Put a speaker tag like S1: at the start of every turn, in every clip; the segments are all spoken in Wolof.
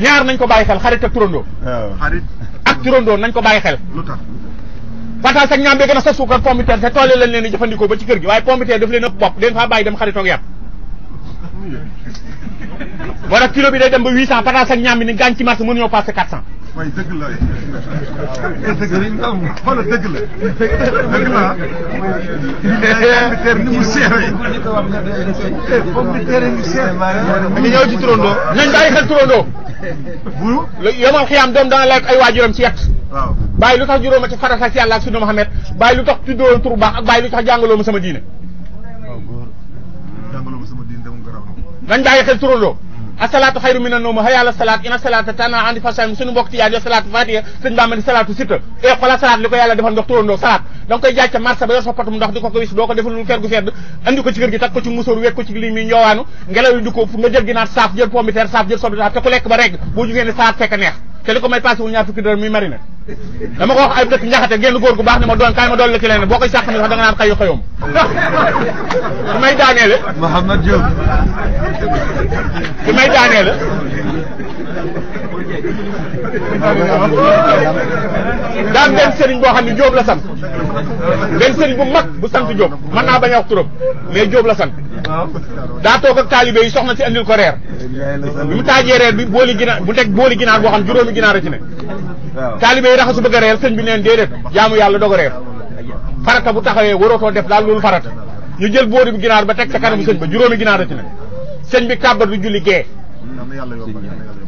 S1: ñaar nañ ko bàyyi xel xarit ak turandoo. xarit ak turandoo nañ ko bàyyi xel. lu tax pataas ak ñaam bi gën a sa suukar pompiteer te tool yi leen di jëfandikoo ba ci kër gi waaye pompiteer daf leen ëpp bopp leen faa bàyyi dem xaritoo yàpp. moo kilo bi day dem ba 800 pataas ak ñaam bi ni gaañ ci marché mënuñoo passé 400. waaye dëgg la dëgg la xoolal dëgg la dëgg la ah. tey ni mu seeree. comme ni tere ni seer. da nga ñëw ci turandoo. nañ bàyyi xel turandoo. bu yomal xiyaam doom dana laaj ay waajuram ci yàq. waaw bàyyi lu tax juróom a ci farata ak yàlla ak sunna Muhammad bàyyi lu tax tuddoo tur baax ak bàyyi lu tax jàngaloo ma sama diine. waaw góor jàngaloo ma sama diine dem garaaw. nañ bàyyi xel turandoo. asalaatu xayru mina nawm hayya ala salaat ina salaata tanhaa ani fahsaa'i suñu mbokk ci yaa yo salaatu fatiha sëñ Bamba di salaatu sitta e xoolal salaat li ko yàlla defal ndox turóndoo salaat da koy jaaj ca marché ba yor sa ndox di ko ko wis doo ko defal lu fer gu fedd andi ko ci kër gi takk ko ci musóor wekk ko ci lii mi ñoowaanu ngelaw li di ko nga jël ginaar saaf jël pomme de saaf jël soble saaf te ku lekk ba regg boo jugee dama ko wax ay dëkk njaxate genn góor gu baax ne ma doon kaay ma doon la ci leneen boo koy sàq ni wax da naan xëyu xëyoom su may daaneele Mouhamad Diop su may daaneele daan benn sëriñ boo xam ne Jóob la sant benn sëriñ bu mag bu sant Jóob mën naa bañ a wax turam mais Jóob la sant daa toog ak taalibe yi soxna si andil ko reer bi mu taajee reer bi booli ginaar bu teg booli ginaar boo xam juróomi ginaar a ci ne taalibe yi raxasu bëgg a reer sëñ bi neen déedéet jaamu yàlla doog a reer farata bu taxawee warootoo def daal loolu farata ñu jël boori bi ginaar ba teg sa kanamu sëñ ba juróomi ginaar a ci ne sëñ bi kàbbar du julli gee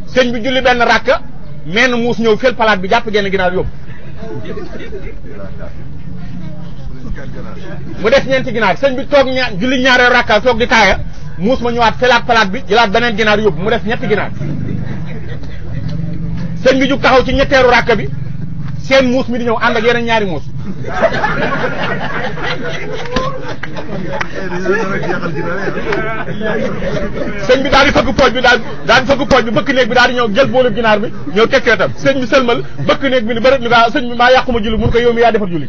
S1: sëñ bi julli benn rakk menn muus ñëw fel palaat bi jàpp genn ginaar yóbbu mu def ñeenti ginaar sëñ bi toog ña julli ñaareel rakka toog di taaya muus ma ñëwaat felaat palaat bi jëlaat beneen ginaar yóbbu mu def ñetti ginaar sëñ bi jug taxaw ci ñetteeru rakka bi seen muus mi di ñëw ànd ak yeneen ñaari muus sëñ bi daal di fëgg pooj bi daal daal di fëgg pooj bi bëkk néeg bi daal di ñëw jël boole ginaar bi ñëw tekkee tam sëñ bi sëlmal bëkk néeg bi ni bëri ñu gaa sëñ bi maa yàquma julli mun ko yow mi yaa defar julli